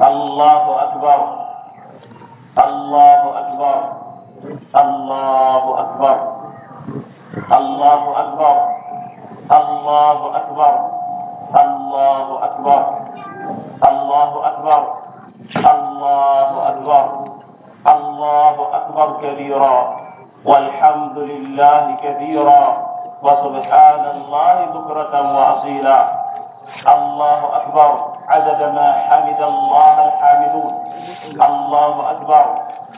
الله أكبر الله أكبر الله أكبر الله أكبر الله أكبر الله أكبر الله أكبر الله أكبر الله أكبر كبيرا والحمد لله كثيرا وسبحان الله بكرة وأصيلا الله أكبر عدد ما حمد الله الحامدون الله أكبر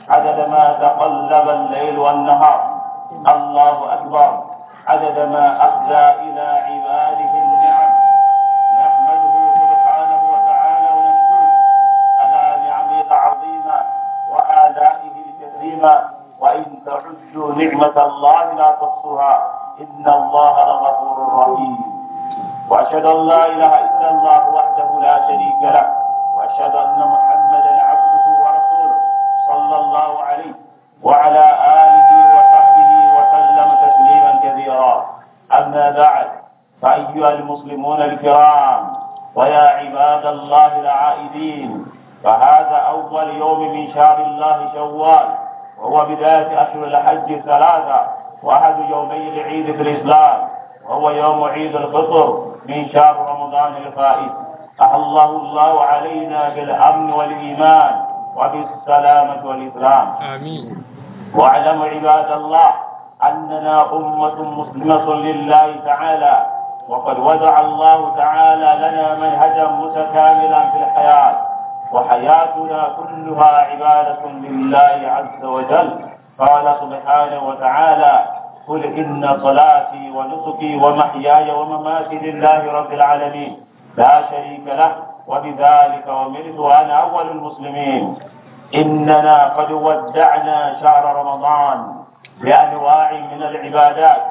عدد ما تقلب الليل والنهار الله أكبر عدد ما أفلى إلى عباده النعم نحمده سبحانه وتعالى ونشكره على نعمه العظيمة وآلائه الكريمة وإن تعدوا نعمة الله لا تحصوها إن الله لغفور رحيم وأشهد أن لا إله إلا الله لا شريك له وأشهد أن محمدا عبده ورسوله صلى الله عليه وعلى آله وصحبه وسلم تسليما كثيرا أما بعد فأيها المسلمون الكرام ويا عباد الله العائدين فهذا أول يوم من شهر الله شوال وهو بداية أشهر الحج الثلاثة وأحد يومي العيد في الإسلام وهو يوم عيد الفطر من شهر رمضان الفائت أحله الله علينا بالأمن والإيمان وبالسلامة والإسلام آمين واعلم عباد الله أننا أمة مسلمة لله تعالى وقد وضع الله تعالى لنا منهجا متكاملا في الحياة وحياتنا كلها عبادة لله عز وجل قال سبحانه وتعالى قل إن صلاتي ونسكي ومحياي ومماتي لله رب العالمين لا شريك له وبذلك أمرت وأنا أول المسلمين إننا قد ودعنا شهر رمضان بأنواع من العبادات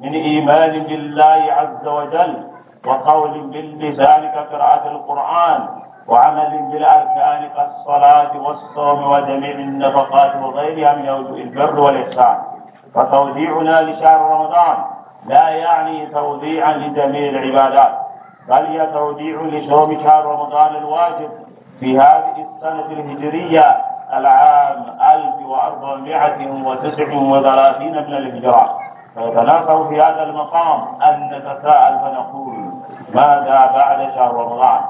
من إيمان بالله عز وجل وقول باللسان كقراءة القرآن وعمل بالأركان كالصلاة والصوم وجميع النفقات وغيرها من أوجه البر والإحسان فتوديعنا لشهر رمضان لا يعني توديعا لجميع العبادات بل هي توديع لصوم شهر رمضان الواجب في هذه السنة الهجرية العام 1439 من الهجرة فيتناقض في هذا المقام أن نتساءل فنقول ماذا بعد شهر رمضان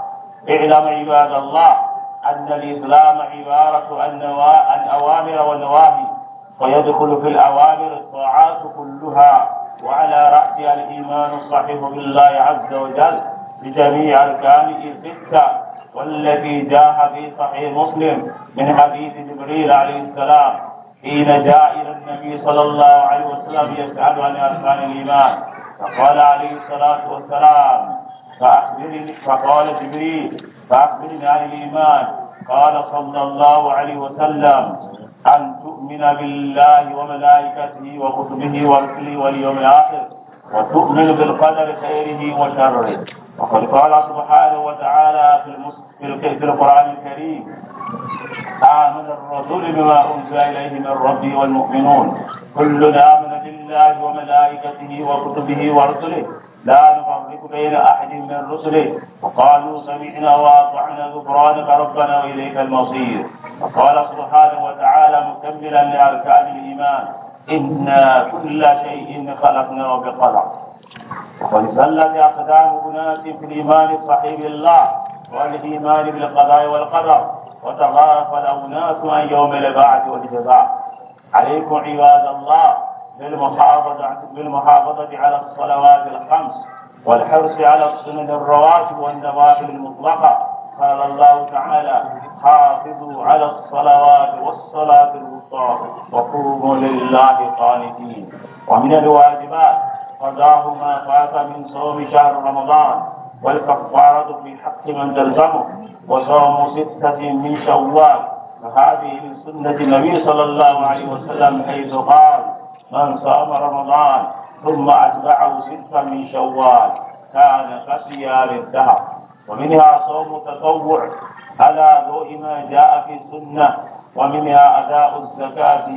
اعلم عباد الله أن الإسلام عبارة عن أوامر ونواهي ويدخل في الأوامر الطاعات كلها وعلى رأسها الإيمان الصحيح بالله عز وجل بجميع أركانه الستة والذي جاء في صحيح مسلم من حديث جبريل عليه السلام حين جاء إلى النبي صلى الله عليه وسلم يسأل عن أركان الإيمان فقال عليه الصلاة والسلام فأخبرني فقال جبريل فأخبرني عن الإيمان قال صلى الله عليه وسلم أن تؤمن بالله وملائكته وكتبه ورسله واليوم الآخر وتؤمن بالقدر خيره وشره وقد قال سبحانه وتعالى في في القرآن الكريم آمن الرسول بما أنزل إليه من ربي والمؤمنون كل آمن بالله وملائكته وكتبه ورسله لا نفرق بين أحد من رسله وقالوا سمعنا وأطعنا غفرانك ربنا وإليك المصير وقال سبحانه وتعالى مكملا لأركان الإيمان إنا كل شيء خلقناه بقدر ولسلت أقدام أناس في الإيمان الصحيح بالله والإيمان بالقضاء والقدر وتغافل أناس عن يوم البعث والجزاء عليكم عباد الله بالمحافظة بالمحافظة على الصلوات الخمس والحرص على السنن الرواتب والنوافل المطلقة قال الله تعالى حافظوا على الصلوات والصلاة الوسطى وقوموا لله قانتين ومن الواجبات قضاه ما فات من صوم شهر رمضان والكفارة في حق من تلزمه وصوم ستة من شوال فهذه من سنة النبي صلى الله عليه وسلم حيث قال من صام رمضان ثم أتبعه ستة من شوال كان كصيام الدهر ومنها صوم التطوع على ضوء ما جاء في السنة ومنها أداء الزكاة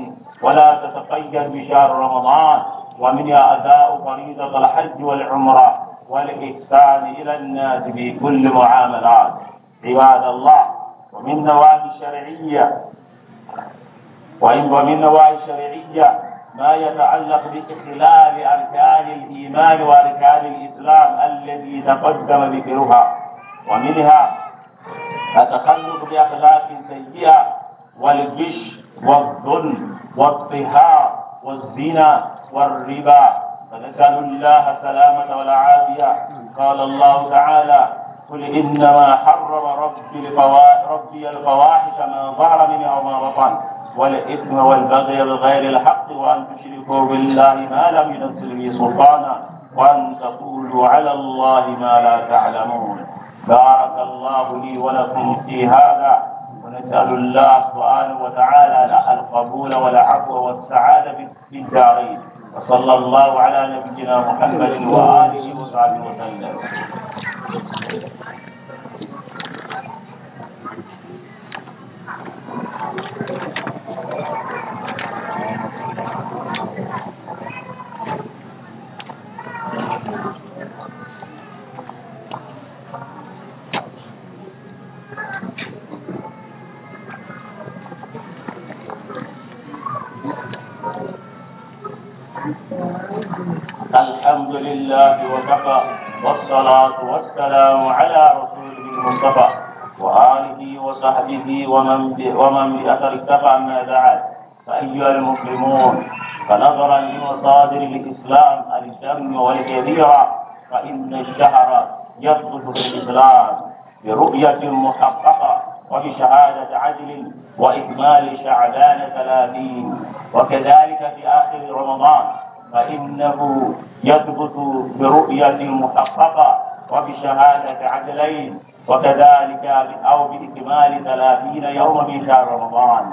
ولا تتقيد بشهر رمضان ومنها أداء فريضة الحج والعمرة والإحسان إلى الناس في كل معاملات عباد الله ومن نواهي الشرعية وإن ومن نواهي الشرعية ما يتعلق بإخلال أركان الإيمان وأركان الإسلام الذي تقدم ذكرها ومنها التخلق بأخلاق سيئة والغش والظلم والطهار والزنا والربا فنسأل الله السلامة والعافية قال الله تعالى قل إنما حرم ربي, ربي الفواحش ما ظهر منها وما بطن والإثم والبغي بغير الحق وأن تشركوا بالله ما لم ينزل به سلطانا وأن تقولوا على الله ما لا تعلمون بارك الله لي ولكم في هذا ونسأل الله سبحانه وتعالى القبول والعفو والسعادة في الدارين وصلى الله على نبينا محمد وآله وصحبه وسلم الله وكفى والصلاة والسلام على رسوله المصطفى وآله وصحبه ومن ومن بأثر اتبع ما بعد فأيها المسلمون فنظرا لمصادر الإسلام الشم والكبيرة فإن الشهر يثبت في الإسلام برؤية محققة وبشهادة عدل وإكمال شعبان ثلاثين وكذلك في آخر رمضان فإنه يثبت برؤية محققة وبشهادة عدلين وكذلك أو بإكمال ثلاثين يوما من شهر رمضان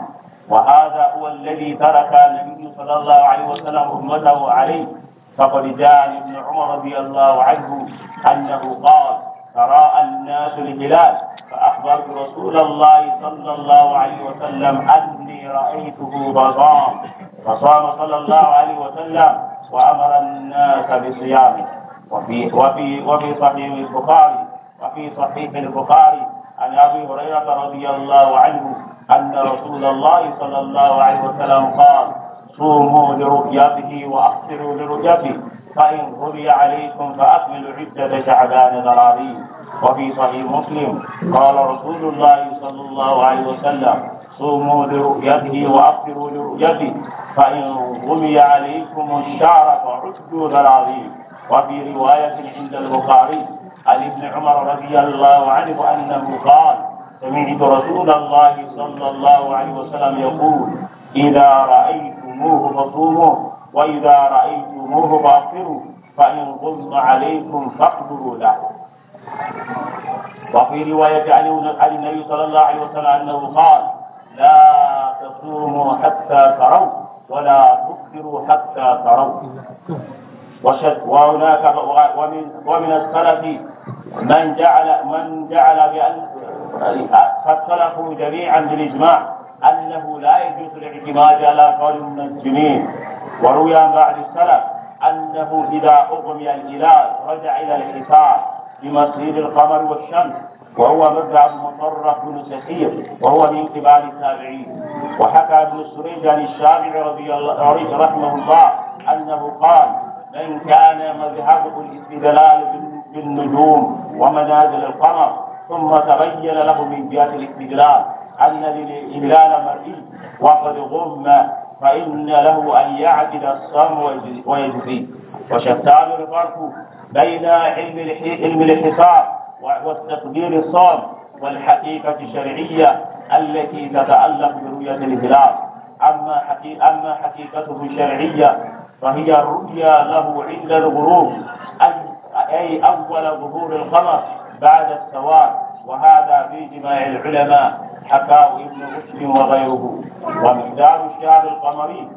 وهذا هو الذي ترك النبي صلى الله عليه وسلم أمته عليه فقد جاء ابن عمر رضي الله عنه أنه قال تراءى الناس الهلال فأخبرت رسول الله صلى الله عليه وسلم أني رأيته بضام فصام صلى الله عليه وسلم وأمر الناس بصيامه وفي وفي وفي صحيح البخاري وفي صحيح البخاري عن أبي هريرة رضي الله عنه أن رسول الله صلى الله عليه وسلم قال صوموا لرؤيته وأفطروا لرؤيته فإن غري عليكم فأكملوا عدة شعبان ضراري وفي صحيح مسلم قال رسول الله صلى الله عليه وسلم صوموا لرؤيته وأفطروا لرؤيته فإن غمي عليكم الشعر فعدوا ذا العظيم وفي رواية عند البخاري عن ابن عمر رضي الله عنه أنه قال سمعت رسول الله صلى الله عليه وسلم يقول إذا رأيتموه فصوموا وإذا رأيتموه فأفطروا فإن غم عليكم فاقدروا له وفي رواية عن النبي صلى الله عليه وسلم أنه قال لا تصوموا حتى تروا ولا تكثروا حتى تروا وهناك ومن ومن السلف من جعل من جعل بأن فاختلفوا جميعا بالاجماع انه لا يجوز الاعتماد على قول المنجمين وروي عن بعض السلف انه اذا اغمي الهلال رجع الى الحساب بمصير القمر والشمس وهو مذهب المطرف بن كثير وهو من كبار التابعين وحكى ابن سريج عن الشافعي رضي الله رحمه الله انه قال من كان مذهبه الاستدلال بالنجوم ومنازل القمر ثم تبين له من جهه الاستدلال ان للاستدلال مرئي وقد غم فان له ان يعدل الصم ويجزي وشتان الفرق بين علم الحساب والتقدير الصام والحقيقة الشرعية التي تتعلق برؤية الهلال أما حقيقة أما حقيقته الشرعية فهي الرؤيا له عند الغروب أي أول ظهور القمر بعد السواد وهذا في جماع العلماء حكاه ابن رشد وغيره ومقدار الشهر القمري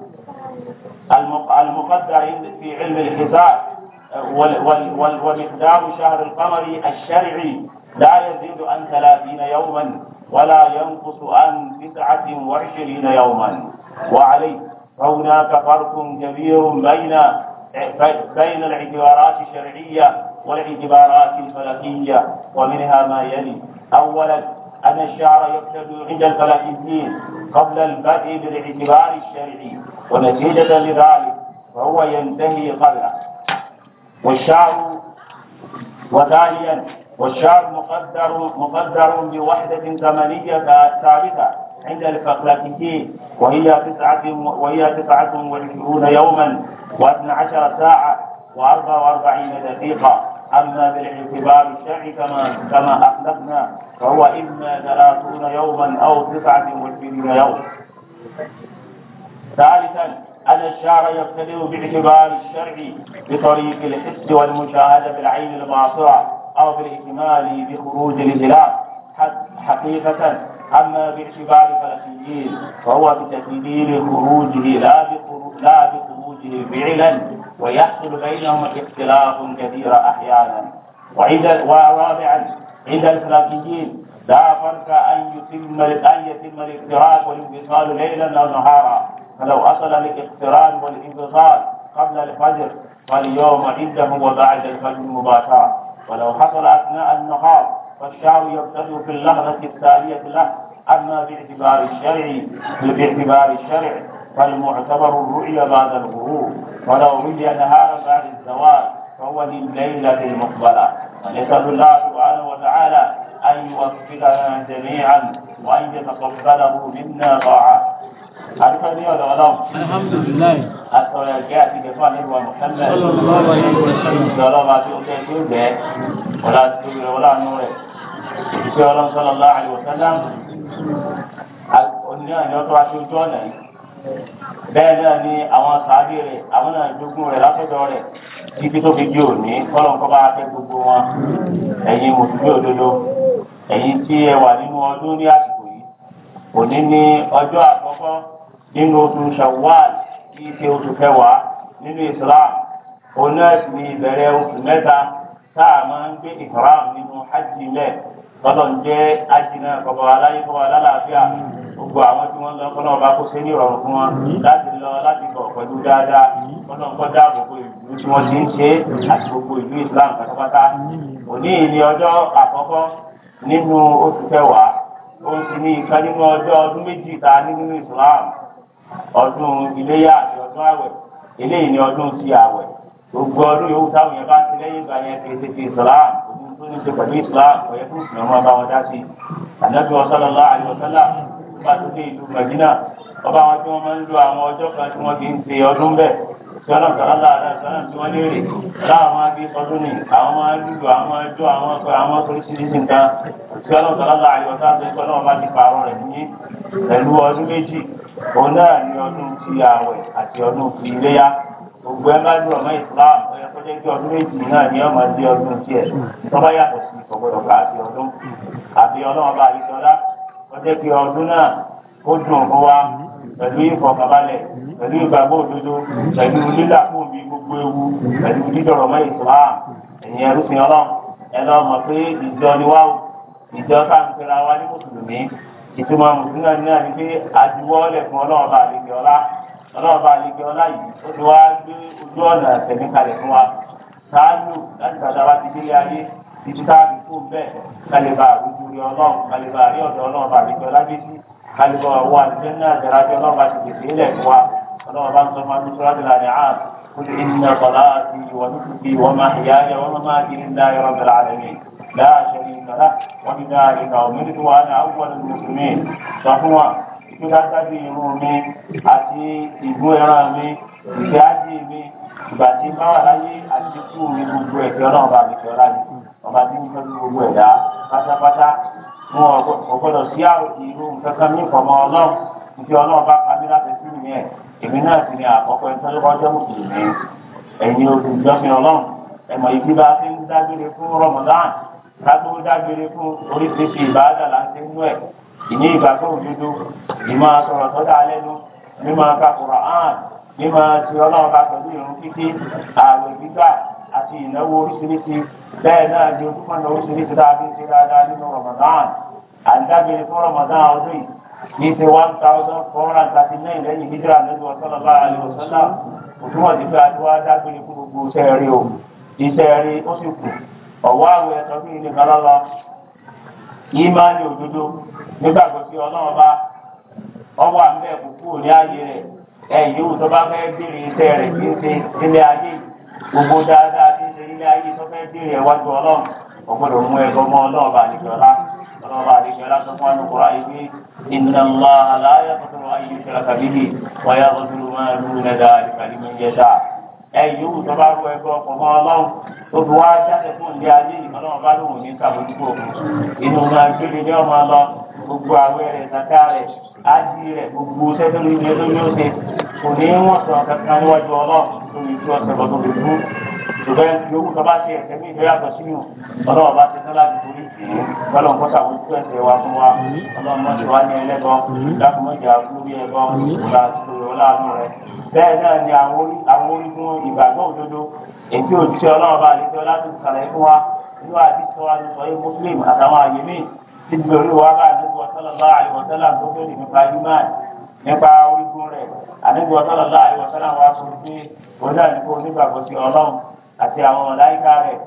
المقدر في علم الحساب ومقدار شهر القمر الشرعي لا يزيد عن ثلاثين يوما ولا ينقص عن تسعة وعشرين يوما وعليه فهناك فرق كبير بين بين الاعتبارات الشرعية والاعتبارات الفلكية ومنها ما يلي أولا أن الشعر يبتدئ عند الفلكيين قبل البدء بالاعتبار الشرعي ونتيجة لذلك فهو ينتهي قبله والشعر وداليا والشعر مقدر مقدر بوحدة زمنية ثابتة عند الفقلاتيين وهي تسعة وهي تسعة وعشرون يوما واثنى عشر ساعة وأربع وأربعين دقيقة أما بالاعتبار الشرعي كما كما أخلفنا فهو إما ثلاثون يوما أو تسعة وعشرين يوما ثالثا أن الشعر يقتدر باعتبار الشرع بطريق الحس والمشاهدة بالعين الباصرة أو بالإكمال بخروج الهلال حقيقة أما باعتبار الفلسفيين فهو بتدبير خروجه لا لا بخروجه فعلا ويحصل بينهم اختلاف كثير أحيانا وعند ورابعا عند الفلكيين لا فرق أن يتم أن يتم الافتراق والانفصال ليلا أو نهارا فلو أصل الاقتران والانفصال قبل الفجر فاليوم عنده وبعد الفجر مباشرة ولو حصل أثناء النهار فالشعر يبتدئ في اللحظة التالية له أما باعتبار الشرع باعتبار الشرع فالمعتبر الرؤيا بعد الغروب ولو رؤي نهارا بعد الزوال فهو لليلة المقبلة ونسأل الله سبحانه وتعالى أن يوفقنا جميعا وأن يتقبله منا طاعة àdúgbò ní ọ̀dọ̀ ọlọ́run. alihamudulilayi. àtọ̀rọ̀ ẹ̀gẹ́ àti ìgbẹ́fọ́ àlejò àwọn kẹ́lẹ́. ọlọ́run ọlọ́run àti oúnjẹ tí ó gbẹ́ ọ̀la ti rẹ̀ ọ̀la nù rẹ̀. ìṣe ọlọ́run sọ̀rọ̀ lọ́wọ́ àlejò sẹ́lẹ̀m. oníyàn ni ó tó wá sí ojú ọ̀nà yìí. bẹ́ẹ̀ náà ni àwọn sàádì rẹ̀ àwọn náà jogún rẹ̀ látọ̀dọ̀ rẹ̀ títí tó fi di òní ní ọjọ́ àkọ́kọ́ nínú oṣù shawwal kí ṣe oṣù kẹwàá nínú islam òun náà sì ní ìbẹ̀rẹ̀ oṣù mẹ́ta tá a máa ń gbé ìkram nínú hajj lẹ̀ tọ́lọ̀ ń jẹ́ hajj náà kọ́kọ́ aláyé kọ́kọ́ alálàáfíà gbogbo àwọn tí wọ́n lọ kọ́ náà bá kó ṣe ní ìrọ̀rùn fún wọn láti lọ láti bọ̀ pẹ̀lú dáadáa kọ́ náà kọ́ dáàbò bo ìlú tí wọ́n ti ń ṣe àti gbogbo ìlú islam pátápátá òní ní ọjọ́ àkọ́kọ́ nínú oṣù kẹwàá òun sì ní ìkan nínú ọjọ́ ọdún méjì tá a ní nínú Islam ọdún iléyà àti ọdún àwẹ̀ eléyìí ni ọdún ti àwẹ̀ gbogbo ọdún yòówù táwọn yẹn bá ti lẹ́yìn ìgbà yẹn kéde ti Islam òun tó ní ṣe pẹ̀lú Islam ọ̀yẹ́ fún ìsìn ọmọ ọba wọn dá sí ànábì ọ̀sálọ́lá àyọ̀sálà nígbà tó dé ìlú Mẹ̀dínà ọba wọn tí wọ́n máa ń lo àwọn ọjọ́ kan tí wọ́n fi ń ṣe ọdún bẹ́ẹ̀ sọ́nà kàlá àdá sọ́nà tí wọ́n léèrè láwọn agbé ọdún ni àwọn máa lùlù àwọn ẹjọ́ àwọn ẹ̀kọ́ àwọn oríṣiríṣi nǹkan sọ́nà kàlá àyọ̀tá tó ẹ̀kọ́ náà bá ti pààrọ̀ rẹ̀ ní pẹ̀lú ọdún méjì òun náà ní ọdún ti ààwẹ̀ àti ọdún ti iléyá gbogbo ẹ bá lù ọmọ Islam ọyọ tó jẹ́ pé ọdún méjì náà ní ọmọ sí ọdún tiẹ̀ tó bá yàtọ̀ sí ìfọ̀gbọ̀dọ̀ ká àti ọdún àbí ọlọ́run bá àyíṣọ́lá ọjọ́ pé ọdún náà ó dùn kó wá pẹ̀lú ìfọ̀kànbalẹ̀ mm-hmm. pẹ̀lú ìgbàgbọ́ òdodo pẹ̀lú lílàkùn bíi gbogbo ewu pẹ̀lú dídọ̀rọ̀ mọ́ ìsìláàmù ẹ̀yìn ẹrúfin ọlọ́run ẹ lọ mọ̀ pé ìjọ ni wá o ìjọ tá à ń pera wa ní mùsùlùmí ìtumọ̀ mùsùlùmí náà ni pé àdúwọ́lẹ̀ fún ọlọ́ọ̀bà àlejò ọlá ọlọ́ọ̀bà àlejò ọlá yìí ó ti wá gbé ojú ọ̀nà ẹ̀sẹ̀mí kalẹ̀ fún wa sáájú láti bàtà bá ti délé ayé títí táàbì fún bẹ́ẹ̀ kálíbà àrùjú rí ọlọ́run kálíbà rí ọ̀dọ̀ ọlọ́ọ̀bà àlejò ọlá gbé sí kálíbọ àwọn àtẹnudẹ àdàrájọ náà bá ti pèsè ilẹ̀ fún wa ọlọ́wọ́ bá ń sọ fún amísọ́lá ti láàrin àá kúlù iná bọ̀lá àti ìwọ nítorí ìwọ máa ìyá rẹ wọn máa kiri ńlá yọrọ bẹ̀rẹ̀ àrẹ mi láàṣẹ ní ìkàlá wọn ti dáa ìkà òmìnirí tó wà ní àwùjọ ní mùsùlùmí sọ fún wa ìpínlẹ̀ àtàbí irú mi àti ìgbó ẹran mi ìgbé ájì mi ìgbà tí bá láyé àti ikú mi gbogbo ẹ̀fẹ́ ọlọ́run bá mi fẹ́ ọlá mi ọba tí mo fẹ́ gbogbo ẹ̀dá pátápátá wọn ò gbọdọ̀ sí irú kankan ní ìfọ̀mọ́ ọlọ́run níbi ọlọ́run bá pa mí láti sí nìyẹn èmi náà sì ni àkọ́kọ́ ẹni tó ló kọjá mùsùlùmí ẹ̀yin olùdómi ọlọ́run ẹ̀mọ̀ ìbí bá fi ń dágbére fún Ramadan kágbó dágbére fún oríṣiríṣi ìbáàdà là ń ti ń lú ẹ̀ ìní ìgbàgbọ́ òdodo ìmọ̀ sọ̀rọ̀ tó dáa lẹ́nu mímọ̀ kakùrọ̀ hàn mímọ̀ ti ọlọ́run bá pẹ̀lú ìrun kíkí ààwẹ̀ gbígbà àti ìnáwó oríṣiríṣi bẹ́ẹ̀ náà ni ojúkọ̀nà oríṣiríṣi tá a fi ń ṣe dáadáa nínú Ramadan àdábìrin fún Ramadan ọdún yìí one thousand four hundred and thirty nine lẹ́yìn ọ̀sán ọba òtúmọ̀ sí pé a ti fún gbogbo iṣẹ́ rí o iṣẹ́ rí ó sì kù ọ̀wọ́ àwọn bí ilé kan lọ́lọ́ yìí máa ní òdodo nígbàgbọ́ sí ọwọ́ àmì ẹ̀kú kúrò ní rẹ̀ ẹ̀yìn bá fẹ́ gbogbo dáadáa tí ń ṣe nílé ayé tó fẹ́ bèèrè ẹ̀wájú ọlọ́run ọ̀gbọ́dọ̀ mú ẹ̀gbọ́n mọ́ ọlọ́ọ̀bà àdìjọ́lá ọlọ́ọ̀bà àdìjọ́lá tó fún ànúkúrá ìwé ìnàlá aláyà tó fún ayé ìṣẹ̀lẹ̀ kàbíyì wáyà tó fún wọn lù nẹ́dà àdìkàlì mi yẹ dáa. tó bá rú ẹgbẹ́ ọkọ̀ mọ́ ọlọ́run tó fi wá jáde fún ìdí ayé ìmọ̀lọ́ọ̀bá lòun ní ní tí wọ́n sọ̀rọ̀ tó fi dúró ṣùgbọ́n yòówù tó bá ṣe ẹ̀sẹ̀ ní ìjọ yàtọ̀ sínú ọlọ́wọ́ bá ti tán láti torí tí ọlọ́run kọ́ sàwọn ojú ẹ̀sẹ̀ wa fún wa ọlọ́run mọ̀ sí wa ní ẹlẹ́gbọ́n lákùnmọ́jà lórí ẹ̀gbọ́n ọlọ́run rẹ̀ bẹ́ẹ̀ náà ni àwọn orígun ìgbàgbọ́ òdodo èyí òjíṣẹ́ ọlọ́run bá lè fi ọlá tó kàlẹ́ fún wa inú àdìsọ àdìsọ yìí muslim àtàwọn àyè míì ti gbèrú wa bá àdìsọ sọlọ́lá àyè wọ̀sẹ́lá tó tó nípa imán nípa orígun rẹ̀ àdébò ọ̀sán láàyè ọ̀sán àwọn aṣọ pé òun náà ní kó onígbàgbọ́ sí ọlọ́run àti àwọn ọ̀láyíká rẹ̀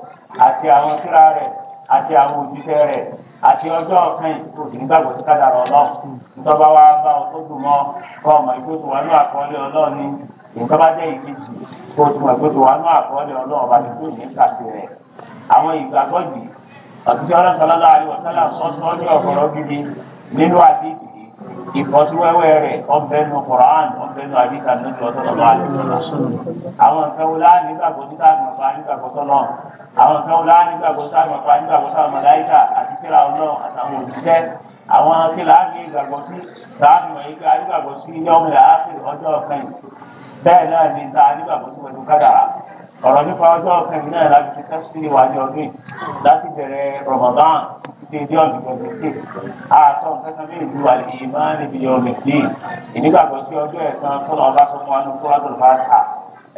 àti àwọn síra rẹ̀ àti àwọn òjíṣẹ́ rẹ̀ àti ọjọ́ ọ̀kan ìkó nígbàgbọ́ sí kádàrá ọlọ́run nítorí wa bá ọ tó dùn mọ́ kọ́ ọmọ ìgbésùn wa ní àkọọ́lẹ̀ ọlọ́run ní nǹkan bá jẹ́ ìkejì kó o tún ìgbésùn wa ní àkọọ́lẹ̀ ọlọ́run bá ti ìfọ́síwẹ́wẹ́ rẹ̀ ọ̀bẹ́nu Quran ọ̀bẹ́nu àdìsá lójú ọ̀sán lọ́wọ́ àwọn nǹkan wọlé á nígbàgbọ́ títà àgbàfà nígbàgbọ́ tọ́lọ́ àwọn nǹkan wọlé á nígbàgbọ́ títà àgbàfà nígbàgbọ́ tọ́lọ́ màláíkà àti kíra ọlọ́run àtàwọn òṣìṣẹ́ àwọn kíra ní ìgbàgbọ́ sí sáàmì wọ̀nyí pé àdìgbàgbọ́ sí yọ́mù láàfin ọjọ́ ọ̀kan bẹ́ẹ̀ náà ni ta àdìgbàgbọ́ sí pẹ̀lú kádàrà ọ̀rọ̀ nípa ọjọ́ ọ̀kan náà láti fi títí ọdún gbogbo dé àtọ nǹkan bí ìlú àlèyé máa ń níbi ọmọ ìdí ìdígbàgbọ́ sí ọjọ́ ẹ̀sán tó lọ́ọ́ bá tó fún wa ní kó wá tó bá ta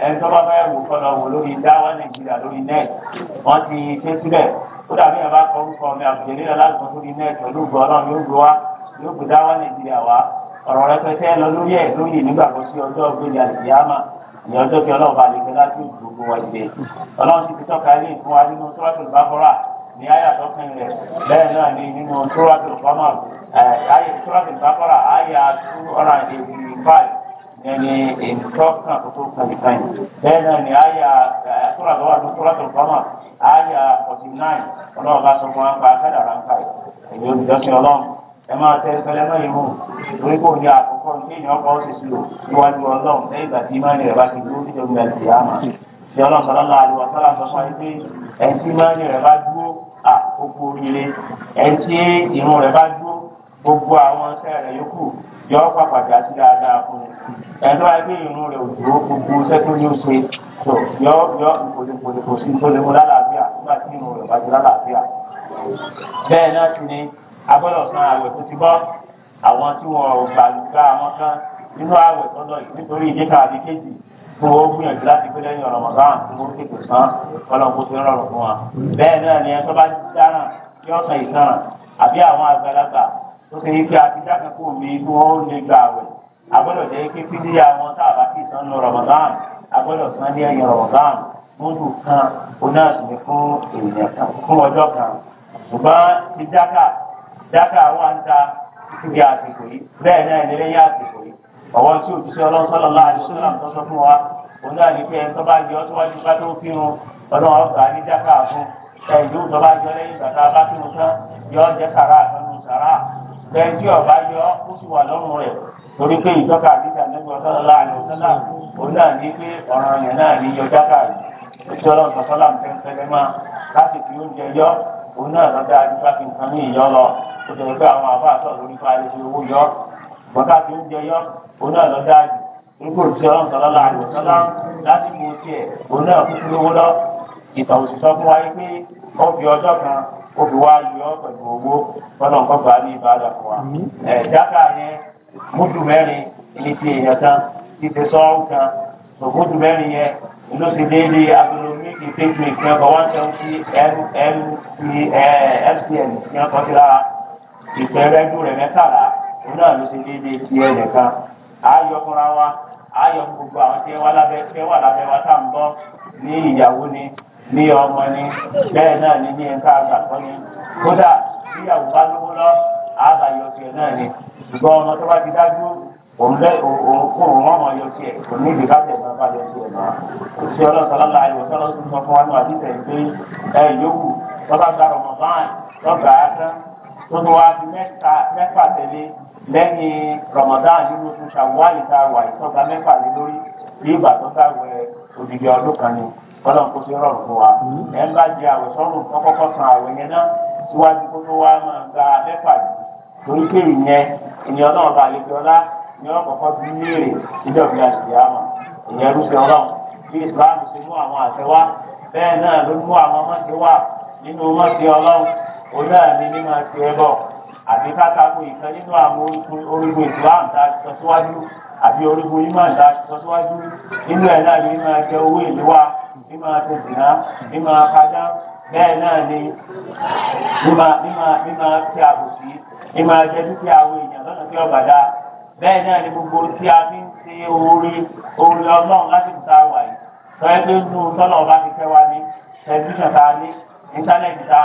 ẹni tó bá fẹ́ wò kọ́ lọ wò lórí dáwọ́ nàìjíríà lórí nẹ́ẹ̀tì wọ́n ti ṣe síbẹ̀ ó dàbí ẹ̀ bá kọ orúkọ mi àbùjẹ nílẹ̀ láti fún lórí nẹ́ẹ̀tì olúgbọ́ náà yóò gbé wa yóò gbé dáwọ́ nàìjíríà wa ọ̀rọ̀ rẹpẹtẹ lọ lórí ẹ̀ lórí ìnígbàgbọ́ sí ọjọ́ ògbéni àlìyámà ìyẹn ọjọ́ kí ọlọ́ọ̀bá lè fẹ́ láti gbogbo wa ṣe ọlọ́run ti fi tọ́ka ilé ìfún wa nínú sọ́ọ́tù ìbáfọ́ra ní àyà tó pin rẹ̀ bẹ́ẹ̀ náà ni nínú túrọ́tì kọ́mọ̀ àyè túrọ́tì sákọ́rà àyà two hundred and eighty five ní ìtọ́kùnà tó tó kàn nìkan yìí bẹ́ẹ̀ náà ni àyà túrọ́tì wà ní túrọ́tì kọ́mọ̀ àyà forty nine ọlọ́run bá sọ fún wa pa akádàrà ń kà yìí èyí olùdókè ọlọ́run ẹ máa tẹ ẹsẹlẹ náà yìí mú torí kò ní àkọ́kọ́ ní ìyẹn ọkọ̀ ọ̀sẹ̀ sí o níwájú ọlọ́run lẹ́yìn ìgbà tí ìmáà ní rẹ̀ bá ti dúró nítorí ìgbà tí a máa ṣe ọlọ́run sọlá láàrin wa sọlá sọ fún ẹ pé ẹ̀ tí ìmáà ní rẹ̀ bá dúró gbogbo oríire ẹtí ìrun rẹ̀ bá dúró gbogbo àwọn iṣẹ́ rẹ̀ yòókù yọ pàpàtì àti dáadáa fún un ẹtí wáyé pé ìrun rẹ̀ ò dúró gbogbo iṣẹ́ tó ní ó ṣe tó yọ yọ ìpolípolípo sí tó lè mú lálàáfíà nígbà tí ìrun rẹ̀ bá ti lálàáfíà bẹ́ẹ̀ náà sì ni agbọ́dọ̀ san àwẹ̀ tó ti bọ́ àwọn tí wọn ò gbàlùgbà àwọn kan nínú àwẹ̀ tó lọ yìí nítorí ìdíkà àbíkéjì fún owó gbìyànjú láti gbé lẹ́yìn ọ̀rọ̀ mọ̀gá fún owó tètè san ọlọ́run kó ti ń rọrùn fún wa. bẹ́ẹ̀ náà ni ẹjọ́ bá ti dáràn kí ọ̀sán ìsàn àbí àwọn àgbàlagbà tó ti ní pé àti dákẹ́kù mi kí wọ́n lè gba àwẹ̀ agbọ́dọ̀ jẹ́ pé fídí àwọn tá a bá ti san lọ Ramadan agbọ́dọ̀ san ní ẹ̀yìn Ramadan múdù kan onáàtì ní fún èèyàn kan fún ọjọ́ kan ṣùgbọ́n ti dákà dákà ọwọ́ tí òtútù ọlọ́sọ́lọ́ láà ní sọ́lá tó sọ fún wa òun náà ní pé ẹ̀tọ́ bá jẹ́ ọtọ́ wájú bá tó fi hàn ọlọ́run ọgbà ní jákà fún ẹ̀yọ́ tó bá jọ lẹ́yìn bàtà bá tó mú tán yọ jẹ́ sàrà àtọ́nu sàrà bẹ́ẹ̀ tí ọba yọ ó sì wà lọ́rùn rẹ̀ torí pé ìtọ́ka àdìsá nígbà ọ̀sán láà ní ọ̀sánlá òun náà ní pé ọ̀ràn yẹn náà ní yọ jákà òtútù ọlọ́run sọ́lá tẹ́lẹ̀ òun náà lọ dáàbò nígbà òsì ọlọ́run sọlá láàrin ọ̀sọ́lá láti mú tiẹ̀ òun náà kúkú lówó lọ ìtàn òṣìṣọ́ fún wáyé pé ó fi ọjọ́ kan ó fi wá yọ pẹ̀lú owó fọlọ́n kọ́ bá ní ìbáradà fún wa. ẹ̀ dáká yẹn múdù mẹ́rin ilé ti èèyàn kan ti fi sọ́ọ̀rù kan òmúdù mẹ́rin yẹn ló náà ló ti déédé tiẹ̀ nìkan. ayọ̀ fúnra wa ayọ̀ gbogbo àwọn tí wà lábẹ́ tí wà lábẹ́ wa tá ní ìyàwó ni ní ni bẹ́ẹ̀ náà ni ní ni kódà níyàwó bá lówó lọ náà ni ṣùgbọ́n ọmọ tó bá ti dájú òun lẹ òun kó òun ọmọ yọ kò ní ibi ká bá náà ayọ̀ tó sọ fún wa ní wàá títẹ̀ pé ẹ yòówù lọ́ba gba ọmọ báyìí lọ́ba tó wá mẹ́ta tẹ̀lé lẹ́yìn Ramadan nínú tún ṣàwọ́ọ̀lì tá a wà ìtọ́gba mẹ́fà lé lórí bí ìgbà tó dáwẹ̀ òdìgbẹ́ ọdún kan ni ọlọ́run kó sí rọrùn fún wa ẹ̀ ń bá jẹ àwẹ̀ sọ́run kan kọ́kọ́ san àwẹ̀ yẹn náà síwájú kó tó wá máa gba mẹ́fà yìí torí pé ìyẹn ènìyàn náà bá lè fi ọlá ní ọkọ̀ọ̀kan ti ń léèrè níjọ́ bí a sì yá mọ̀ ìyẹn ló fi ọlọ́run bí Islam ṣe mú àwọn àṣẹ wá bẹ́ẹ̀ náà ló àti kátakò ìkan nínú àwọn orígun islam tá a sọ síwájú àbí orígun imán tá a sọ síwájú nínú ẹ̀ náà ní máa jẹ owó ìlú wa ní máa tó dìná ní máa kájá bẹ́ẹ̀ náà ni ní máa fi àbòsí ní máa jẹ dúkìá àwọn èèyàn lọ́nà tí ọ̀gbà dá bẹ́ẹ̀ náà ni gbogbo tí a fi ń ṣe orí orí ọlọ́run láti ń ta wà yìí sọ ẹgbẹ́ nínú tọ́lọ̀ bá ti fẹ́ wá ní tẹlifíṣàn ta ní íńtánẹ́ẹ̀tì ta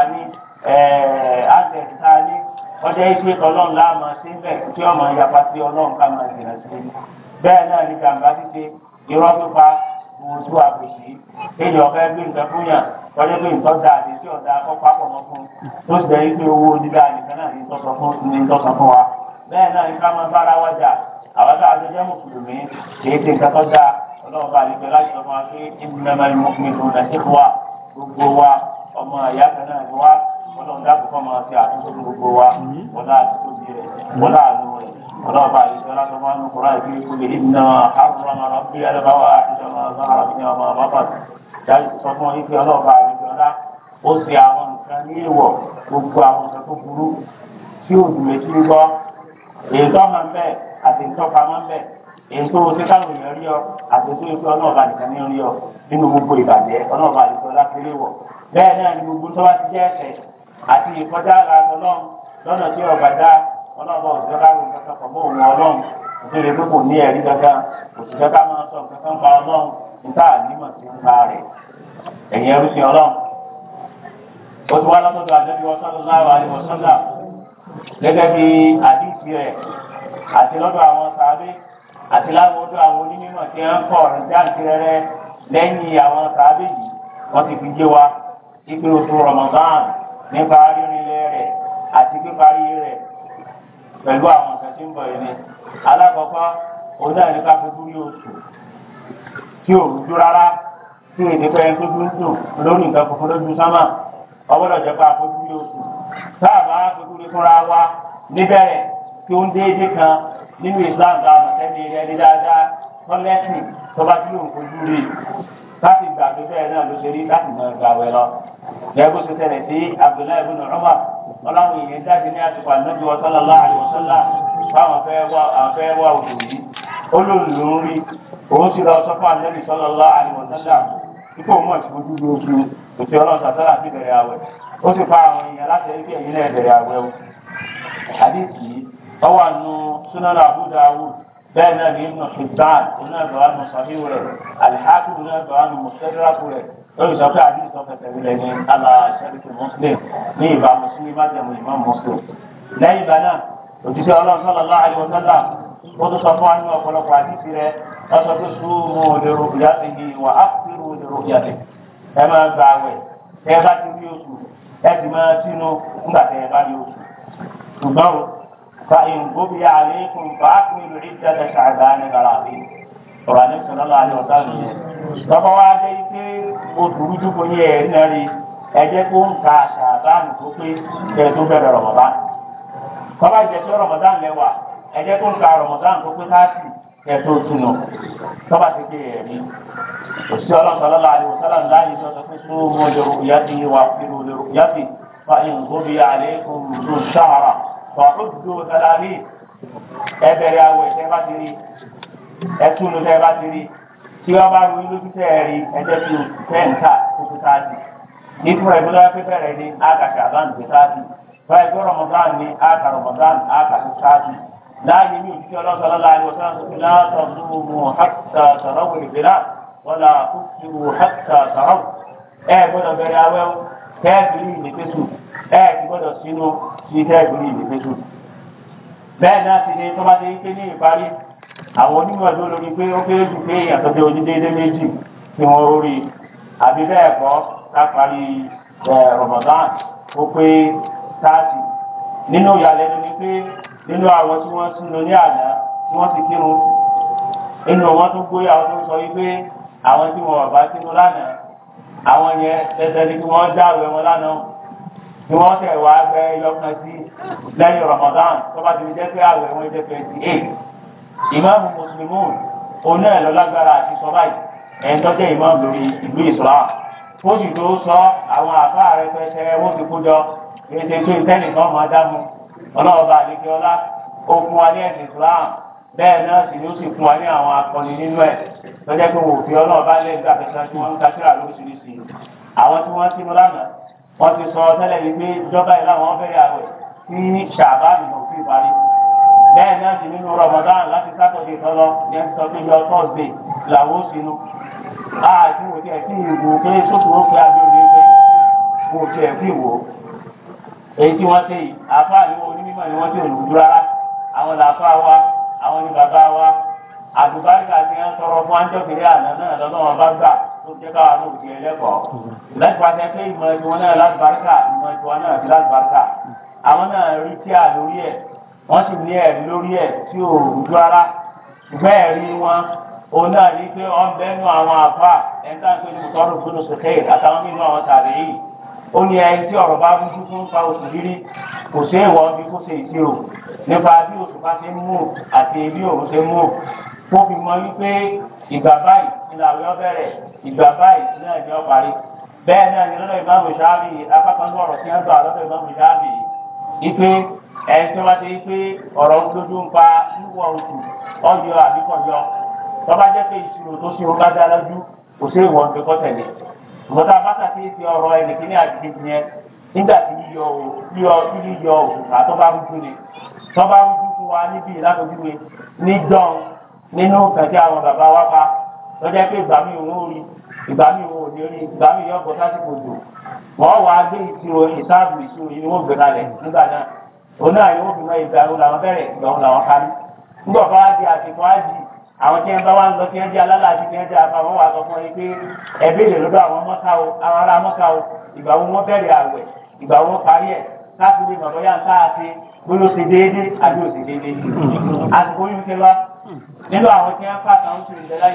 ní wọ́n jẹ́ pé ọlọ́run láàmà sí bẹ̀ tí ọmọ ìyapa sí ọlọ́run ká máa jìnà sí bẹ́ẹ̀ náà ní jàǹbá títí irọ́ tó pa oṣù àbòsí èèyàn ọ̀fẹ́ gbé nǹkan fún yàn tọ́jú pé nǹkan dáa ní tí ọ̀dà akọ́pá pọ̀ mọ́ fún tó sì bẹ̀rẹ̀ pé owó onílà nìkan náà ní tọ́sọ fún ní tọ́sọ fún wa bẹ́ẹ̀ náà ní ká máa bára wa jà àwọn tá a ti jẹ́ mùsùlùmí kìí ti nǹkan tó dáa ọlọ́run bá lè láti sọ fún wa pé ìdúnnàmọ́ ìmọ̀kùnrin òun náà ti fún wa gbogbo wa ọmọ ìyá kan náà ni wa ọlọ́run dákun kọ́ máa ṣe àtúntò ní gbogbo wa ọlá àtúntò bí rẹ̀ ọlá àánú rẹ̀ ọlọ́ọ̀bá àyíṣẹ́ ọlọ́sọ̀bá ní kúrò àìsí kúlè ìdínà àrùnrànà rọ̀bí ẹlẹ́bàwá ìjọba sọ́hàrà bí ọmọ bàbá dájú sọ fún ife ọlọ́ọ̀bá àyíṣẹ́ ọlá ó ṣe àwọn nǹkan ní èèwọ̀ gbogbo àwọn nǹkan tó burú tí ò dùn létí gbọ́ èyí tó máa ń bẹ̀ àti ìtọ́ pamọ́ ń bẹ̀ èyí tó ṣe káwọn èèyàn rí ọ àti tó ṣe ọlọ́ọ̀bá nìkan ní rí ọ nínú gbogbo ìbàjẹ́ ọlọ́ọ̀bá àyíṣẹ́ ọlá kéré wọ̀ bẹ́ẹ̀ náà ni gbogbo tó bá ti jẹ́ ẹ̀ṣẹ̀ àti ìkọjá ara ọlọ́run lọ́nà tí ọ̀gbà dá ọlọ́run ọ̀gbà láwùjọ kankan pọ̀ mọ́ òun ọlọ́run òṣèré pé kò ní ẹ̀rí kankan òṣìṣẹ́ ká máa sọ kankan pa ọlọ́run níta ànímọ̀ sí ń pa rẹ̀ ẹ̀yìn ẹrú sí ọlọ́run. ó ti wá lọ́sọ̀dọ̀ àdébí sallallahu alaihi wasallam gẹ́gẹ́ bí àdìsí rẹ̀ àti lọ́dọ̀ àwọn sàábé àti láwùjọ àwọn onímọ̀ tí wọ́n kọ̀ ọ̀rọ̀ jáǹtìrẹrẹ lẹ́yìn àwọn sàábé yìí wọ́n nípa rírinlẹ̀ rẹ̀ àti píparí rẹ̀ pẹ̀lú àwọn nǹkan tí ń bọ̀ ilé alákọ̀ọ́kọ́ òun náà ní ká fojú rí oṣù tí ò rújú rárá tí èdè pẹ́ tó dún dùn lórí nǹkan funfun lójú sánmà ọgbọ́dọ̀ jẹ́ pé àfojú rí oṣù sáàbà fojú rí fúnra wa níbẹ̀rẹ̀ tí ó ń déédé kan nínú Islam tá a mọ̀ sẹ́ni ẹni dáadáa tọ́lẹ́sìn tọ́ba tí yóò fojú rí láti gbà pé bẹ́ẹ̀ náà ló ṣe rí láti mọ̀ gbà gẹ́gẹ́ bó tere tẹ̀lé abdullahi ibn umar ọlọ́run yìí jáde ní àsìkò wa sallallahu alaihi fáwọn fẹ́ wá àwọn fẹ́ wá òkú yìí ń rí òun sì lọ sọ fún sallallahu alaihi wasallam kíkó mọ̀ sí ojú lójú òsì ọlọ́run sàtàlà sí ó sì fa àwọn èèyàn láti ẹbí náà o àdìsí ọwọ́ àánú sunan abu dawud bẹ́ẹ̀ náà ní àánú olùsọ̀fẹ́ àdìsọ fẹsẹ̀wulẹ̀ ní aláṣẹ́ríkì muslim ní ìbámu sí májẹ̀mú ìmọ̀ muslim. lẹ́yìn ìgbà náà òjíṣẹ́ ọlọ́run sọ́lọ́lá àyọ̀sọ́lá ó tún sọ fún wa ní ọ̀pọ̀lọpọ̀ àdìsí rẹ wọ́n sọ pé sùúrù lèrò ìyáàbí yìí wà á e. lèrò ìyáàbí. ẹ máa gba àwẹ̀ ẹ bá ti rí oṣù ẹ sì máa sínú nígbà tẹ ẹ bá rí oṣù. ṣùgbọ́n fa lọ́kọ́ wá dé pé otu tòrú ju kò yẹ ẹ̀rí náà rí ẹ̀jẹ̀ kó ń ka ṣàbánu tó pé kẹ̀ tó bẹ̀rẹ̀ rọ̀mọ̀dán kọ́ba ìjẹ̀sọ́ rọ̀mọ̀dán lẹ́wà ẹ̀jẹ̀ kó ń ka rọ̀mọ̀dán tó pé káàsì kẹ̀ tó túnú kọ́ba ti ké ẹ̀rí òsì ọlọ́sọ̀lọ́lá àdìwọ̀sọ́lá láàyè tó sọ pé sóòmù lóru yàtì wà fìlú lóru yàtì fa ìhùnbóbi àlékún ti rí ẹ̀túnú tí wọ́n bá ru lójú tẹ́ ẹ rí ẹjẹ́ tí o fẹ́ nǹka kókó sáàtì nítorí ẹ̀gbọ́n láti bẹ̀rẹ̀ ní àkàṣà àbáǹdé sáàtì báyìí tó rọmọdán ní àkà rọmọdán àkàṣà sáàtì láàyè ní òjijì ọlọ́sọ̀rọ̀ láàyè wọ́n sáà sọ́kè látọ̀ lóhùn hàtà sàrọ́wò ìbílà wọ́lá kùtù hàtà sàrọ́wò ẹ gbọ́dọ̀ bẹ̀rẹ̀ awẹ́ tẹ́ẹ̀bìrì ìnìfẹ́sù ẹ gbọ́dọ̀ sínú sí tẹ́ẹ̀bìrì ìnìfẹ́sù bẹ́ẹ̀ náà ti ní tọ́ba ti ń pé ní ìparí àwọn onímọ̀ tó lórí pé ó kéré jù pé ìyàtọ̀ bí ojú déédé méjì tí wọ́n rórí àbí bẹ́ẹ̀ kọ́ ká parí Ramadan ó pé táàtì nínú ìyàlẹ́nu ni pé nínú àwọn tí wọ́n sún lọ ní àná tí wọ́n ti kírun inú wọn tó gbé àwọn tó ń sọ wípé àwọn tí wọn bàbá sínú lánàá àwọn yẹn tẹ́tẹ́ ni kí wọ́n dáwọ̀ wọn lánàá ni wọ́n tẹ̀ wá bẹ́ yọkan sí lẹ́yìn Ramadan tó bá ti jẹ́ pé àwẹ̀ wọn jẹ́ twenty eight ìmáàmù mùsùlùmí òun náà lọ lágbára àti sọ báyìí ẹni tó jẹ́ ìmáàmù lórí ìlú ìsọlá ó sì tó sọ àwọn àfa rẹ pẹsẹ wọn ti kó jọ ètò ètò ìtẹ́nì kan máa dámú ọlọ́ọ̀bà àlejò ọlá ó fún wa ní ẹ̀sìn Islam bẹ́ẹ̀ náà sì ni ó sì fún wa ní àwọn akọni nínú ẹ̀ lọ́jọ́ pé wò fi ọlọ́ọ̀bá lẹ́yìn àfẹsẹ̀ tí wọ́n ń kásírà lóríṣiríṣi àwọn tí wọ́n ti mú lánàá wọ́n ti sọ tẹ́lẹ̀ yìí pé ìjọba ìlànà wọn fẹ́rẹ̀ àwẹ̀ tí ṣàbá nìkan fi parí bẹ́ẹ̀ náà sì nínú Ramadan láti sátọ̀dé tọ́lọ ní ẹni sọ pé yọ tọ́sídẹ̀ làwọn ó sinú àti wò tiẹ̀ sí ìwò pé sóṣù ó pé abẹ́rẹ́ pé kò tiẹ̀ sí ìwò èyí tí wọ́n ṣe yìí àfa àníwọ̀ onímọ̀ ni wọ́n ti òlùdú rárá àwọn làfa wa àwọn ni bàbá wa àdùbáríkà ti ń sọ̀rọ̀ fún àjọkiri àná náà lọ́nà wọn bá gbà tó jẹ́ káwa náà òjì ẹlẹ́kọ̀ọ́ lẹ́gbàá pé ìmọ̀ ẹ̀dùn wọn náà lágbàríkà ìmọ̀ ẹ̀dùn wọn náà ti lágbàríkà àwọn náà rí tíà lórí ẹ̀ wọ́n sì ní ẹ̀rí lórí ẹ̀ tí ò rújú ara ṣùgbọ́n ẹ̀rí wọn òun náà ní pé wọ́n bẹ́nu àwọn àfa ẹ̀ńtà pé ní mùsọ́rù fún oṣùkẹ́ àtàwọn nínú àwọn tàbí yìí ó ní ẹni tí ọ̀rọ̀ bá rújú fún pa oṣù rírí kò sí ìwọ̀n bí kò ṣe ìṣirò nípa bí oṣù bá ṣe ń mú àti bí òun ṣe ń mú kó fi mọ wípé ìgbà báyìí ni àwẹ̀ ọbẹ̀rẹ̀ ìgbà báyìí náà ni ó parí bẹ́ẹ̀ náà ni lọ́dọ̀ ìmáàmù ṣáàbì apákan lọ́rọ̀ tí wọ́n ẹni tí wọn ti pé ọ̀rọ̀ ńlójú ń pa wíwọ oṣù ọyọ àbíkọyọ tọba jẹ pé ìṣirò tó ṣe ọgá dá lójú kò sí ìwọ nǹkan kọ tẹ́lẹ̀ ìgbọta bákàtí ti ọ̀rọ̀ ẹnìkíní àdìgbò yẹn nígbà tí yíyọ ni tọba fún wa níbí ìlàkọjúwe ní nínú kẹkẹ àwọn bàbá wa lọjọ pé ìgbà mi rí ìgbà mi ò ní rí ìgbà mi yọ sásìkò jù wọn gbé ìṣirò òun náà yóò fi mọ ìgbà òun làwọn bẹ̀rẹ̀ ìgbà òun làwọn parí nígbà bá di àsìkò ájì àwọn tí wọn bá wà ń lọ tí wọn di alálàájì tí wọn di àbá wọn wà sọ fún yín pé ẹbí lè lọ́dọ̀ àwọn mọ́ta o àwọn ará mọ́ta o ìgbà wo wọn bẹ̀rẹ̀ àwẹ̀ ìgbà wo wọn parí ẹ̀ láti lè mọ̀ bóyá ń tá a ṣe gbóló ṣe déédéé àbí ò ṣe déédéé àsìkò yìí ń ṣe nínú àwọn tí wọn pàtàkì ń ṣe ìṣẹ̀lẹ̀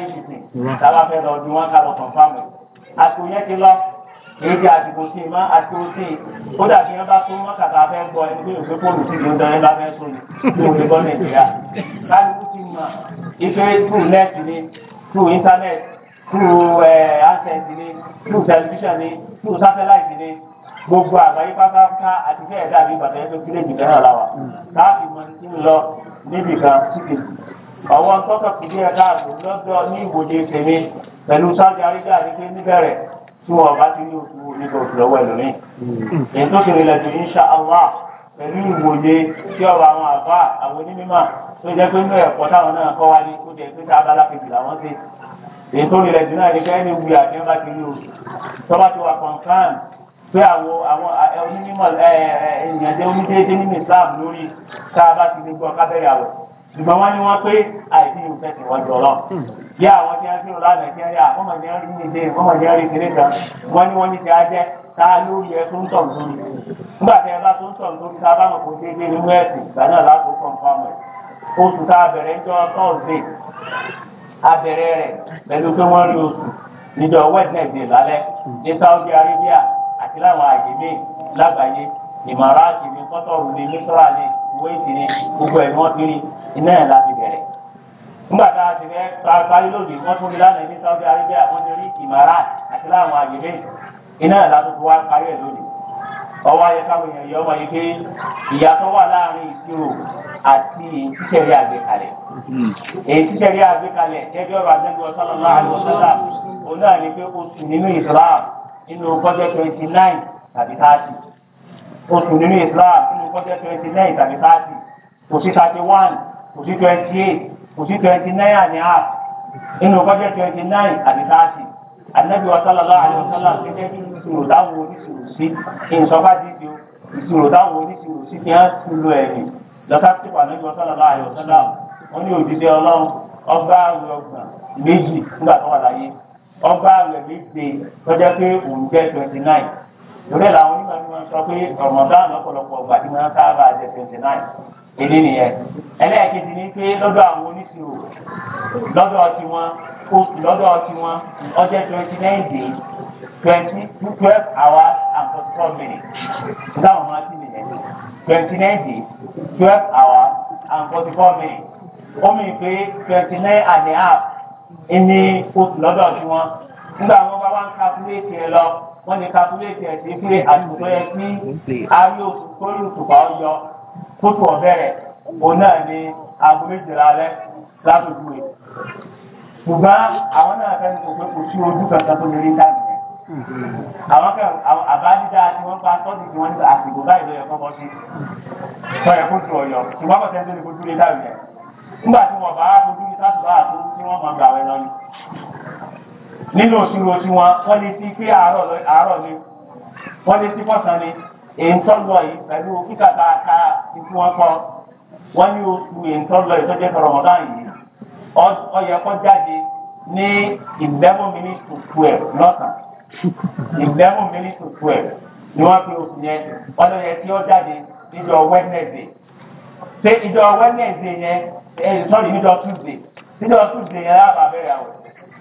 yìí ti lọ èyí àsìkò sí i má àsìkò sí i ó dàbí ẹ bá tó mọ́kàtà fẹ́ gbọ́ ẹni pé òfin pòlù sí i lọ́dọ̀ ẹ bá fẹ́ sùn ní òní gbọ́ nàìjíríà kálukú ti mọ̀ ife through net ni through internet through access ni through television ni through satellite ni gbogbo àgbáyé pátápátá àti fẹ́ẹ̀ dàbí bàtà ẹgbẹ́ kílẹ̀jì fẹ́ràn la wa káàbì mọ̀ ní ti ń lọ níbì kan síbi ọwọ́ tọ́kọ̀ kìdí ẹ̀ káàbù lọ́dọ̀ ní ìwòye tèmi pẹ̀lú sáájú àríkà àríkè tí wọn bá ti ní oṣù nípa oṣù lọ́wọ́ ẹlòmíì. Hmm. èyí tó ṣẹlẹ̀ lẹ́tọ̀ insha allah pẹ̀lú ìwòye tí ọ̀rọ̀ àwọn àbá àwọn onímọ̀ tó jẹ́ pé inú ẹ̀kọ́ táwọn náà kọ́ wá ní kó jẹ́ pé sábà lápẹ̀jù làwọn ṣe. èyí tó ṣẹlẹ̀ jù náà ní kẹ́ ní wuyà tí wọ́n bá ti ní oṣù tó bá ti wà kọ̀ǹkan pé àwọn àwọn onímọ̀ ẹ̀ẹ́dẹ̀ẹ́dẹ́ onídéédé nínú islam lórí sábà ti ní gbọ́ kábẹ́yàwó ṣùgbọ́n wọ́n ní wọ́n pé àìsí ìlú fẹ́ tẹ̀wájú ọlọ́ yá àwọn tí wọ́n kírun lánàá kí wọ́n yá wọ́n mọ̀ ní rí nílé wọ́n mọ̀ ní rí kéré kan wọ́n ní wọ́n ní ti ajẹ́ tá a lórí ẹ tó ń tọ̀ lórí nígbà tí ẹ bá tó ń tọ̀ lórí tá a bá mọ̀ kó dé dé nínú ẹ̀sìn ìgbà náà láàbò kọ̀ǹfàmù ẹ̀ oṣù tá a bẹ̀rẹ̀ ń jọ tọ́ọ̀dé abẹ̀rẹ̀ rẹ̀ pẹ̀lú pé wọ́n rí oṣù níjọ wẹ́ẹ̀dẹ̀dẹ̀ lálẹ́ ní Saudi Arabia àti láwọn àyè míì lágbàáyé Ìmárátì ní kọ́tọ̀rù ní mísírà ní ìwé ìtìrí gbogbo ẹ̀ ni wọ́n ti rí iná ẹ̀ láti bẹ̀rẹ̀ nígbà tá a ti fẹ́ parí lóde wọ́n tún rí lánàá ní Saudi Arabia wọ́n ti rí ìmàrà àti láwọn àgbègbè iná ẹ̀ láti wá parí ẹ̀ lóde ọwọ́ ayé káwọn èèyàn yọ ọmọ yìí pé ìyàtọ̀ wà láàrin ìṣirò àti àgbékalẹ̀ hmm. àgbékalẹ̀ ọ̀rọ̀ òun náà pé oṣù oṣù nínú Islam nínú kọ́jẹ́ twenty nine tàbí thirty kò sí thirty one kò sí twenty eight kò sí twenty nine and a half nínú kọ́jẹ́ twenty nine àti thirty anabi wa sallallahu alayhi wa sallam gẹ́gẹ́ bí ìṣòro táwọn oníṣòro sí ìṣọ́fà dídì ìṣòro táwọn oníṣòro sí fi hàn sí lu ẹ̀yìn lọ́sà tí wà anabi wa sallallahu alayhi wa sallam wọ́n ní òjijì ọlọ́run ọgbà àwẹ̀ ọgbà méjì nígbà tó wà láyé ọgbà àwẹ̀ méje tọ́jà pé òun jẹ́ twenty nine lórí làwọn onímọ̀ sọ pé Ramadan lọ́pọ̀lọpọ̀ ọgbà tí wọ́n sábà jẹ twenty nine èdè nìyẹn ẹlẹ́ẹ̀kejì ni pé lọ́dọ̀ àwọn oníṣirò lọ́dọ̀ tiwọn oṣù lọ́dọ̀ tiwọn ọjọ́ twenty nine days twenty two twelve hours and forty four minutes láwọn máa ti nìyẹn twenty nine days twelve hours and forty four minutes ó mì pé twenty nine and a half ní oṣù lọ́dọ̀ tiwọn nígbà wọn bá wá ń calculate ẹ lọ wọ́n ní kápúléètì ẹ̀sìn pé àtúntò yẹ kí ayé òtútórí òtùpá ó yọ kótó ọ̀bẹ̀rẹ̀ òun náà ní aago méjìlá alẹ́ lábùjú rẹ̀. ṣùgbọ́n àwọn náà fẹ́ ní òpé kò sí ojú kankan tó lè rí dànù yẹn. àwọn kẹ àbádídá tí wọ́n bá tọ́jú tí wọ́n ní àsìkò báyìí ló yẹ kọ́kọ́ sí. wọ́n yẹ kótó ọ̀yọ́ ṣùgbọ́n kọ̀ọ̀tẹ́ tó lè fojú rí dànù yẹn. nígbà tí wọ́n bá fojú rí sátúbà àtúntí wọ́n nínú òṣìwò tí wọn wọ́n lè ti pé àárọ̀ ni wọ́n lè ti pọ̀sán ni èyí lọ yìí pẹ̀lú kíkà tá a ikú wọn kọ wọ́n ní oṣù èyí lọ yìí tó jẹ́ Ramadan yìí ọyẹ kọ́ jáde ní eleven minutes to twelve lọ́sàn eleven minutes to twelve ni wọ́n fi oṣù yẹn wọ́n lọ yẹ ó jáde níjọ Wednesday ṣé ìjọ Wednesday yẹn ẹ̀ sọ́ọ̀dì níjọ Tuesday níjọ Tuesday yẹn lábàá bẹ̀rẹ̀ àwọ̀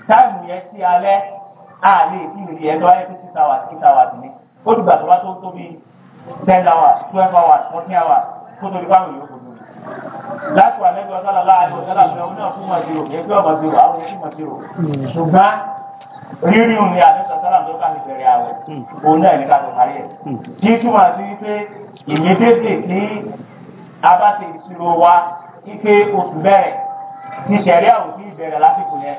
táìmù yẹn sí alẹ́ àlè ìrì ẹ̀ lọ́wọ́ ẹ̀ six hours six hours ni ó dùgbà tó bá tó tó bí ten hours twelve hours fourteen hours kó tó di fáwọn yòókù lórí. láti wà lẹ́gbẹ̀ẹ́ ọ̀sán lọ́la àti ọ̀sán làbẹ́ òun náà fún màdìrò ẹgbẹ́ ọ̀màdìrò àwọn oṣù màdìrò ṣùgbọ́n rírí omi àdéhùn sọ́lá tó ká fi bẹ̀rẹ̀ àwẹ̀ òun náà ní ká tó parí ẹ̀. kí túmọ̀ sí wípé ìyẹ́dẹ́gbè ní abáṣe ìṣirò wa wípé oṣù bẹ̀rẹ̀ ní sẹ̀rí àwòsí ìbẹ̀rẹ̀ lásìkò yẹn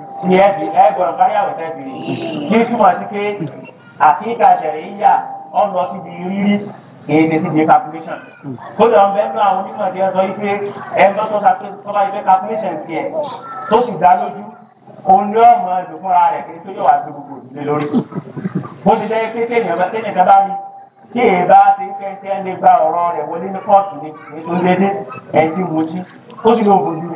ni ẹ fi ẹ gbọ́dọ̀ káyàwó tẹ́ fi rí kí túmọ̀ sí pé àkíkà ṣẹ̀rẹ̀ yíyà ọ̀nà ti di rírí èyí ti di calculation. kódà ọ̀n bẹ́ẹ̀ náà àwọn onímọ̀ ti ẹ sọ wípé ẹ ń lọ́tọ́ sa pé tọ́ba ìfẹ́ calculation ti ẹ̀ tó sì dá lójú òun ni ọmọ ẹ̀dùn fúnra rẹ̀ kí tó yọ̀ wá sí gbogbo ìdílé lórí. bó ti jẹ́ pé kéèyàn bá kéèyàn kan bá rí tí èyí bá ti ń fẹ́ tẹ́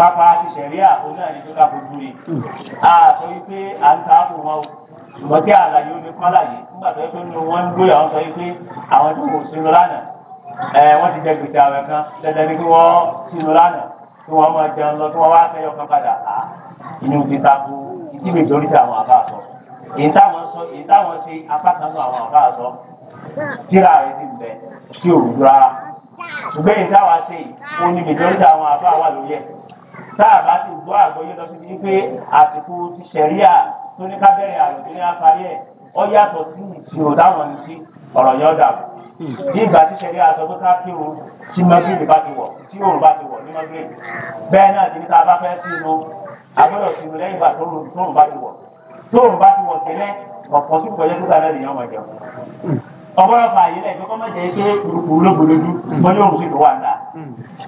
pápá ti sẹ̀ríà òun náà ní tó ká fojú rí a sọ wípé à ń ta àpò wọn o ṣùgbọ́n kí àlàyé omi kọ́ láyé nígbà tó yẹ pé nínú wọn ń gbé àwọn sọ wípé àwọn tó kò sínú lánàá ẹ wọ́n ti jẹ gbèsè àwẹ̀ kan dandan ni kí wọ́n sínú lánàá kí wọ́n máa jẹun lọ kí wọ́n wá fẹ́ yọkan padà á inú ti ta ko ìdíbi ìdórí ti àwọn àbá sọ èyí táwọn sọ èyí táwọn ti apá kan sọ àwọn àbá sọ tíra rẹ ti bẹ tí òwúrọ̀ ni ìdórí ti àwọn àbá wà lórí ẹ̀ táà ti gbọ́ àgbọ́yé lọ síbi pé àsìkò ti ṣẹ̀ríà tó ní kábẹ́rẹ́ àrùn ní afárí ẹ̀ ọ yàtọ̀ sí ìṣirò táwọn ní sí ọ̀rọ̀ yọ̀ dà bí ìgbà tí ṣẹ̀ríà sọ pé ká kí o tí mọ́gìrì bá ti wọ̀ tí òòrùn bá ti wọ̀ ní mọ́gìrì bẹ́ẹ̀ náà ti ní tá a bá fẹ́ sí inú agbọ́dọ̀ sí inú lẹ́yìn ìgbà tó òòrùn bá ti wọ̀ tó òòrùn bá ti wọ̀ tẹ́lẹ̀ ọ̀pọ̀ sí ìkọ̀jẹ́ tó dára nìyẹn ọmọ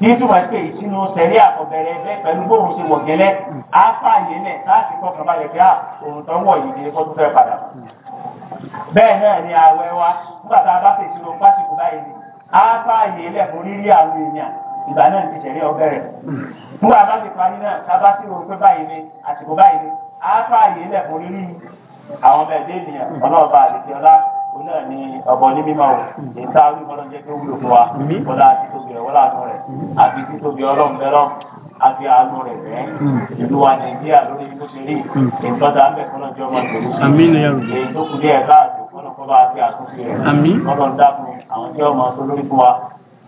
nítorí pé ìsinú sẹ̀rí àkọ́bẹ̀rẹ̀ ẹgbẹ́ pẹ̀lú bóun ṣe wọ̀ gẹ́lẹ́ àáfààyè náà láti kọkàn balẹ̀ pé òun tó ń wọ̀ yìí ni kó tún fẹ́ padà. bẹ́ẹ̀ náà ni ààwẹ̀ wa nígbà tá a bá fèsì lọ pásìkò báyìí ni àáfààyè lẹ̀ fún rírí àwọn èèyàn ìgbà náà ti sẹ̀rí ọ̀bẹ̀rẹ̀. nígbà bá ti parí náà tá a bá sì rò pé báyìí ni àsìkò báyìí ni àáfààyè lẹ̀ fún rírí àwọn ọmọ ẹ̀dẹ́ ènìyàn òun náà ni ọ̀bọ̀ ní mímọ́ o èyí tá a rí bọ́lá jẹ́ tó wúlò fún wa bọ́lá àti tóbi rẹ̀ wọ́lá àánú rẹ̀ àti títóbi ọlọ́run lẹ́rọ̀ àti àánú rẹ̀ rẹ̀ hmm. ìlú wa nàìjíríà lórí ibi tó ṣe rí ìtọ́jà ń bẹ̀ fọ́nà jọ ọmọ ìlú èyí tó kù díẹ̀ káàtó fọ́nà kọ́ba àti àtúnṣe rẹ̀ ọlọ́run dákun àwọn tí ọmọ tó lórí fún wa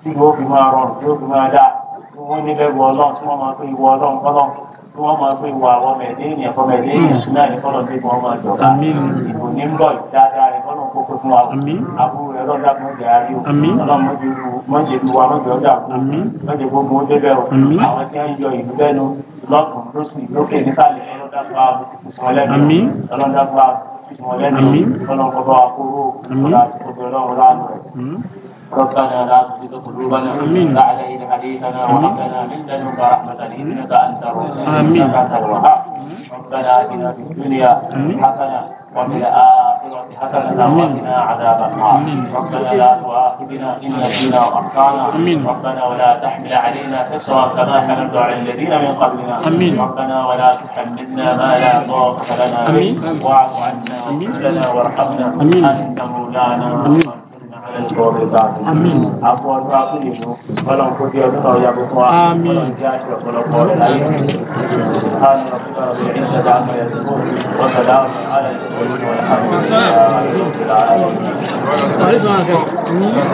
tí yóò fi máa rọrùn tí yóò fi máa dáa tí wọ́n nílẹ̀ wọ ọlọ́run tí wọ́n máa pé ìwọ ọlọ́run kọ́lọ́run tí ìwà àwọn ọmọ ẹ̀dẹ́ ènìyàn fọmọ ẹ̀dẹ́ ènìyàn náà ní kọ́lọ́run tí wọ́n máa jọ̀ká ìbò ní ń bọ̀ dáadáa rẹ̀ kọ́lọ́run kó fún wa. àmín. àbú ẹ̀rọ dàgbọ́n jẹ́ àrí o. àmín. ọlọ́mọ jẹ́ ìlú mọ́jẹ́ ìlú wa mọ́jẹ́ ọjà. àmín. lọ́jẹ́ gbogbo ó débẹ̀ o. àmín. àwọn tí wọ́n yọ ìlú bẹ́ẹ̀ nu lọ́kùn lóṣù lókè nísàlẹ̀ ọlọ́dàgbọ́ àbùkù. àmín. ọlọ́dàgbọ́ àbùkù. àmín. ọlọ́kọ̀ọ́ àkóró. àmín. ربنا لا تزغ قلوبنا بعد إذ هديتنا وهب لنا من لدنك رحمة إنك أنت الوهاب ربنا آتنا في الدنيا حسنة وفي حسنة عذاب النار ربنا لا تؤاخذنا إن نسينا وأخطأنا ربنا ولا تحمل علينا إصرا كما حملت على الذين من قبلنا أمين. ربنا ولا تحملنا ما لا طاقة لنا به واعف عنا واغفر لنا وارحمنا أنت مولانا ọ̀rẹ́ bá a fún ọdún abúlé mú ọlọ́run kó dé ọdún náà yàgò fún wa ọlọ́run jẹ́ àṣẹ ọ̀pọ̀lọpọ̀ ọ̀rẹ́ láyé àmì ọ̀pọ̀lọpọ̀ ọ̀rẹ́ ìṣẹ̀dá àmọ̀ ẹ̀sìn fún ọ̀sẹ̀dá àmọ̀ àlẹ́ ìṣẹ̀dá àmọ̀